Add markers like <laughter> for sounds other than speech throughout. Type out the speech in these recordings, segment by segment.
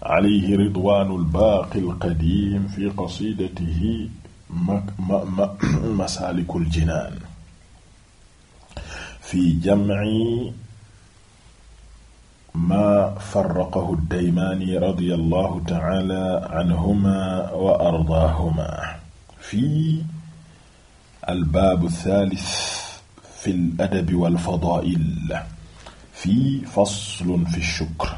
alayhi ridwaanul baaqil qadiim fi qasiidatihi ma ma ma <clears throat> masaalikul jinaan fi jamci maa farraqahu daymaani radiyallahu ta'ala anhumaa wa ardaahumaa fi albaabu thaalith fi al adabi wal fadaa'il fi faslun fi shukr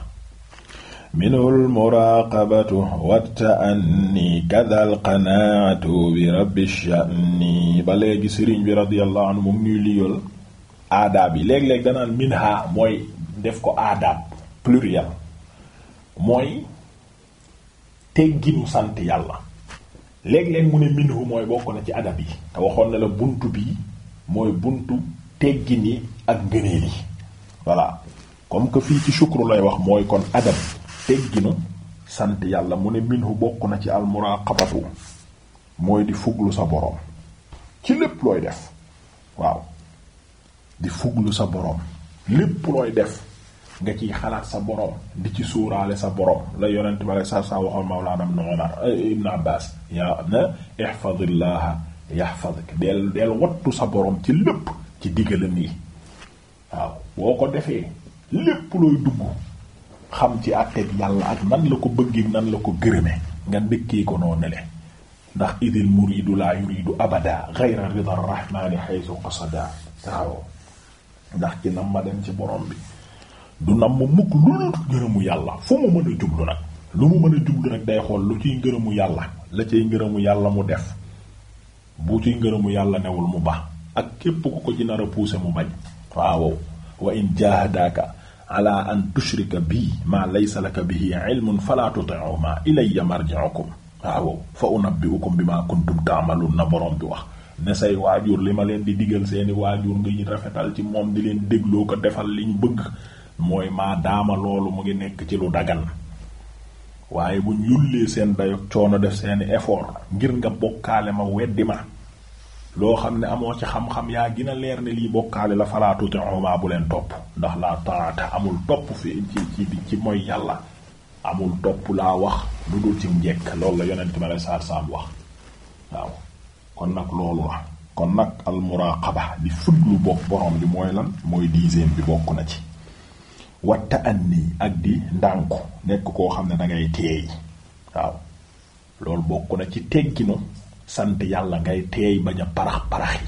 minhu almuraaqabatu wattaanni kada alqanaatu bi rabbi sha'ni ba léegi sëriñ bi radiyallahu anhu moom ñuy liyool yi léeg-léeg danaan minha mooy def ko aadaab pluriel mooy tegginu sant yàlla léeg-léeg mu ne minhu mooy bokk na ci adab yi te waxoon na la buntu bi mooy buntu teggin yi ak ngëneel yi voilà comme fii ci shukru lay wax mooy kon adab tegginu sant yàlla mu ne minhu bokk na ci almuraqabatu mooy di fuglu sa boroom ci lépp looy def waaw di fuglu sa boroom lépp looy def nga ciy xalaat sa boroom di ci suuraale sa boroom la yonent bi saa saa waxoon mawlaana ibn Umar eh, ibn Abbaas yaa na ihfadillaaha yahfadak del del wattu sa boroom ci lépp ci digalam yi waaw boo ko defee lépp looy dugg xam ci àtteeb yàlla ak nan la ko bëgg nan la ko gërëme nga dëkkee ko noo nele ndax idil muridu la yuridu abada ghayra rida rahmani haythu qasada waaw ndax ci nam ma dem ci borom bi du nam mu mukk lu ngërëmu yàlla fu mu mën a jublu nag lu mu mën a jublu nag day xool lu ciy ngërëmu yàlla la ciy ngërëmu yàlla mu def bu ciy ngërëmu yàlla newul mu ba ak képp ku ko ci nar puuse mu bañ waaw wa in jahadaka ala an tushrika bi maa laysa laka bihi ilmun fala tuti'uhuma ilayya marji'ukum waaw fa unabbi'ukum bima kuntum ta'malun na borom bi wax ne say waajur li ma leen di digal seeni waajur nga rafetal ci moom di leen dégloo ko defal liñ bëgg mooy maa daama loolu mu ngi nekk ci lu dagan waaye buñ yullee seen dayo coono def seeni effort ngir nga bokkaale ma weddi ma loo xam ne amoo ci xam-xam yaa gina leer ne lii bokkaale la falaa tuti'umaa bu leen topp ndax laa taata amul topp fi ci ci ci mooy yàlla amul topp laa wax lu dul ci njekk loolu la yonent ma lay saar saam wax waaw kon nag loolu la kon nag al muraqaba di fuglu bokk borom bi mooy lan mooy dixième bi bokk na ci watta anni ak di ndànku nekk koo xam ne dangay teey waaw loolu bokk na ci tegginu sant yàlla ngay teey bañ a parax parax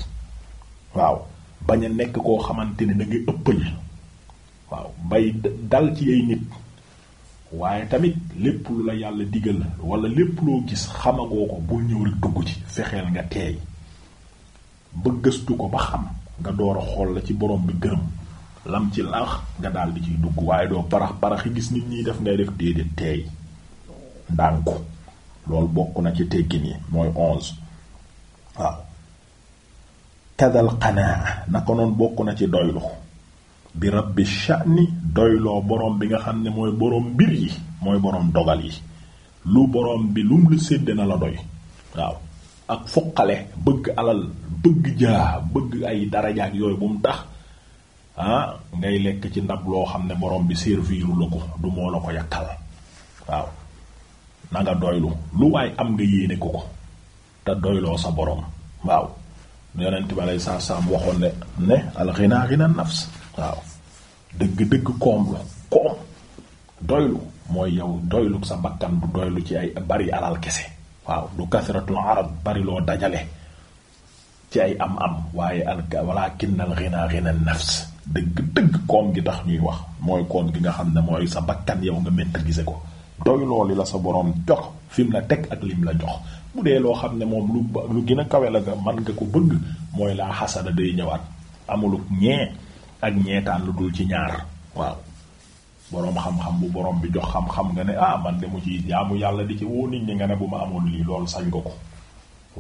waaw bañ a nekk koo xamante ne da ngay ëppal waaw bay dal ci ay nit waaye tamit lépp lu la yàlla digal wala lépp loo gis xamagoo ko bul ñëw dugg ci fexeel nga teey ba gëstu ko ba xam nga door a xool la ci borom bi gërëm lam ci laax nga daal di ciy dugg waaye doo parax parax gis nit ñi def ngay def déedéet teey ndànku loolu bokk na ci teggin yi mooy onze waaw kadal qanaa naka noon bokk na ci doylu bi rabbi sha'ni doyloo borom bi nga xam ne mooy borom mbir yi mooy borom dogal yi lu borom bi lum lu sédd na la doy waaw ak fuqale bëgg alal bëgg jaa bëgg ay darajaak yooyu bu mu tax ah ngay lekk ci ndab loo xam ne borom bi serviru la ko du moo la ko yàkkal waaw na nga doylu lu waay am nga yéene ko ko te doyloo sa boroom waaw yonent bi alay saa saam waxoon ne ne alxinaa xina nafs waaw dëgg dëgg koom la koom doylu mooy yow doylu sa bakkan du doylu ci ay bari alal kese waaw du kasratul arab bariloo dajale ci ay am am waaye al walakin alxinaa xina nafs dëgg dëgg koom gi tax ñuy wax mooy koom gi nga xam ne mooy sa bakkan yow nga maîtriser ko doy looli la sa boroom jox fi na la teg ak lim la jox bu dee loo xam ne moom lu lu gën a kawe la nga mën nga ko bëgg mooy laa xasada day ñëwaat amuluk ñee ak ñeetaan lu dul ci ñaar waaw boroom xam-xam bu borom bi jox xam-xam nga ne ah man de mu ci jaamu yàlla di ci woo nit ñi nga ne bu ma amoon lii lool sañ nga ko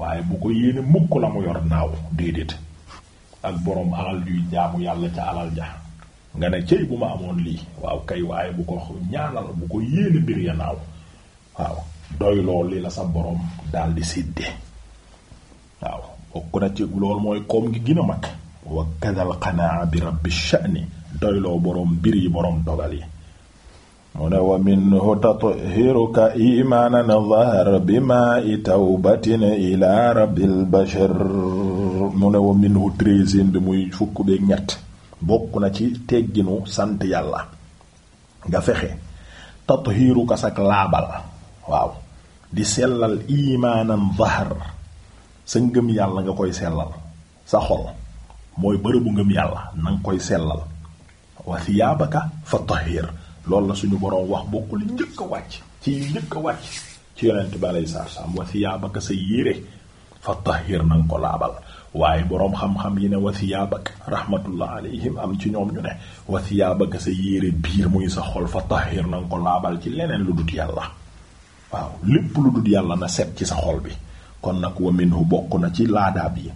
waaye bu ko yéene mukk la mu yor naaw déedéet ak borom alal juy jaamu yàlla ca alal ja nga ne cëy bu ma amoon lii waaw kay waaye bu ko ñaanal bu ko yéene mbir ya naaw waaw doy li la sa borom daal di waaw bokk na ci loolu mooy koom gi gën mag wa qanaa bi rabbi sha'ni doyloo boroom mbir yi boroom dogal yi mu ne wa minhu tathiruka imaanan zahar bi maa i tawbatin ila rabbil bashar mu ne wa minhu treizième bi muy fukk beeg ñett bokk na ci tegginu sant yàlla nga fexe tathiiru ka sak laabal waaw di sellal imaanan zahar sa ngëm yàlla nga koy sellal sa xol mooy bërëbu ngëm yàlla na koy sellal wa thiyaabaka fa tahir loolu la suñu boroom wax bokkul li njëkk a wàcc ci njëkk yonent bi aleyhi salaatu sa yére fa tahir na nga ko laabal waaye boroom xam-xam yi ne wasiyaabak rahmatullah alayhim am ci ñoom ñu ne wasiyaabaka sa yére biir muy sa xol fa tahir na ko laabal ci leneen lu dut yàlla waaw lépp lu dut yàlla na set ci sa xol bi kon nag wa bokk na ci laadaab yi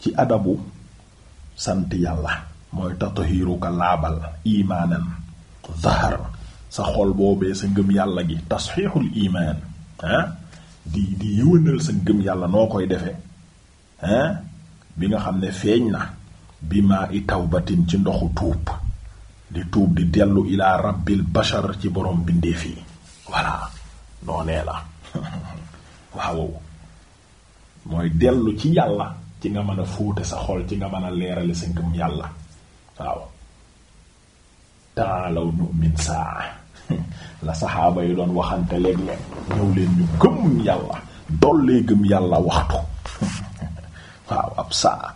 ci adabu sant yàlla mooy tatahiruka laabal imaanan zahar sa xol boobee sa ngëm yàlla gi tasxiixul imaan ah di di yëwënal sa ngëm yàlla noo koy defee hein bi nga xam ne feeñ na bi maa i tawbatin ci ndoxu tuub di tuub di dellu ilaa rabbil bashar ci borom bindeef yi voilà noonee la <laughs> waaw mooy dellu ci yàlla ci nga mën a fóote sa xol ci nga mën a leerale sa ngëm yàlla waaw taalaw nu'min saa <laughs> la saxaaba yi doon waxante léeg-léeg ñëw leen ñu gëm yàlla dollee gëm yàlla waxtu waaw ab saa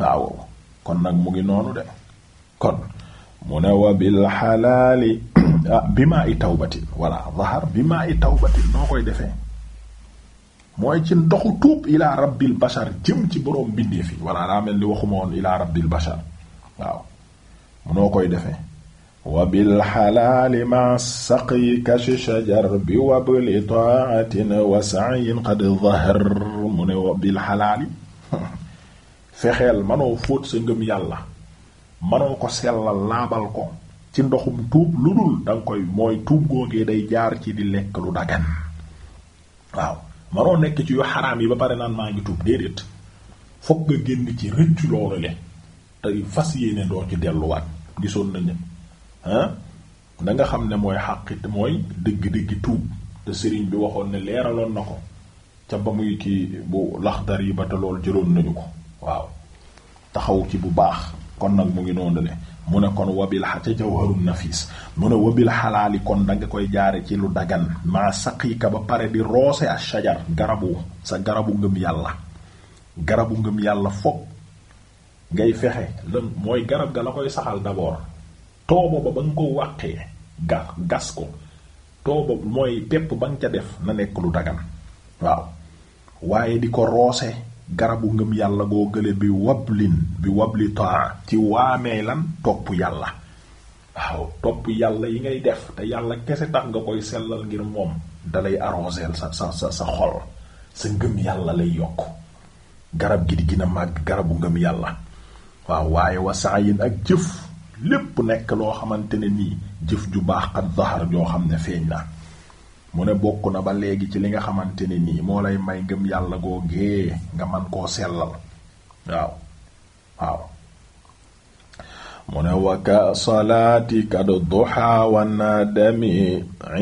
waaw kon nag mu ngi noonu de kon mu ne wa bil xalaali <clears throat> ah maa i tawbatin walla zahar maa i tawbatin noo koy defee mooy ci ndoxu tuub ilaa rabbil bashar jëm ci boroom bindee fi walla daa mel ni ilaa rabbil bashar waaw noo koy defee wa bil xalaali ma saqyi qad zahar mu ne wa bil xalaali fexeel manoo fóot sa ngëm yàlla manoo ko sellal laabal ko ci ndoxum tuub lu dul danga koy mooy tuub day jaar ci di lekk lu dagan waaw manoo nekk ci yu xaraam yi ba pare naan maa ngi tuub déedéet fokk nga génn ci rëccu loolu le te fas yéene doo ci delluwaat gisoon na ah da xam ne mooy xàqit mooy dëgg-dëgg tuub te sëriñ bi waxoon ne leeraloon na ko ca ba muy kii bu laxdar yi ba te lool jëloon nañu ko waaw taxaw ci bu baax kon nag mu ngi noonu ne mu ne kon wabil te jawharun nafis mu ne wabil xalaali kon danga koy jaare ci lu dagan maa saqika ba pare di roose a shajar garabu sa garabu ngëm yàlla garabu ngëm yàlla foog ngay fexe lan mooy garab ga la koy saxal d'abord toobo ba ba nga ko wàqee gas ko toobo mooy pepp ba nga ca def na nekk lu dagan waaw waaye di ko roose garabu ngëm yàlla goo gële bi wablin bi wabli taa ci waamee lan topp yàlla waaw topp yàlla yi ngay def te yàlla kese tax nga koy sellal ngir moom dalay arroser sa sa sa sa xol sa ngëm yàlla lay yokk garab gi di gën màgg garabu ngëm yàlla waaw waaye wasaayin ak jëf lépp nekk loo xamante ne nii jëf ju baax xat zahar joo xam ne feeñ na mu ne bokk na ba léegi ci li nga xamante ne nii moo lay may ngëm yàlla googee nga man koo sellal waaw waaw mu ne waka salaati kad duha wa nadami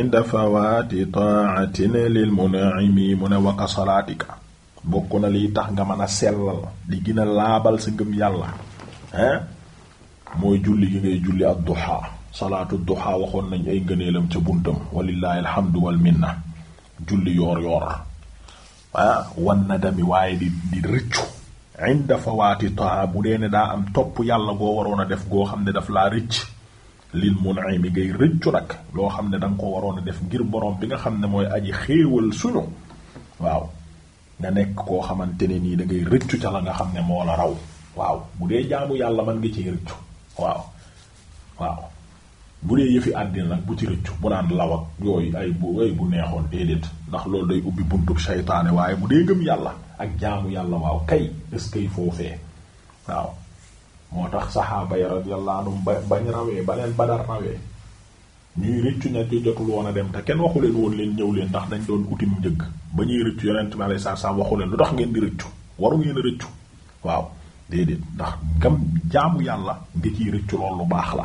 inda fawaati taatin lil mun'imi mu ne waka salaatika bokk na liy tax nga mën a sellal di gën a laabal sa ngëm yàlla hein mooy julli gi ngay julli ad duha salaatu duha waxoon nañ ay ngëneelam ca buntam walillahi alhamdu wal minna julli yoor yoor ah wan na dami waaye di di rëccu inda fawaati taa bu dee ne daa am topp yàlla goo waroon a def goo xam ne daf laa rëcc lil mun'imi ngay rëccu nag loo xam ne danga ko waroon a def ngir borom bi nga xam ne mooy aji xéewal suñu waaw nga nekk koo xamante ne nii da rëccu ca la nga xam ne moo la raw waaw bu dee jaamu yàlla man nga ciy rëccu waaw bu dee yëfi àddina nag bu ci rëccu bu naan lawak yooyu ay bu ay bu neexoon déedéet ndax loolu day ubbi buntub saytaane waaye bu dee gëm yàlla ak jaamu yàlla waaw kay est-ce que foofee waaw tax saxaaba yi radiyallahu anhum ba bañ rawee ba leen Badar rawee ñuy rëccu ña woon a dem te kenn waxu leen woon leen ñëw leen ndax dañ doon utim njëkk ba ñuy rëccu yonent mi alayhi salaam leen lu tax ngeen di rëccu waru ngeen a rëccu waaw yàlla nga ciy rëccu loolu lu baax la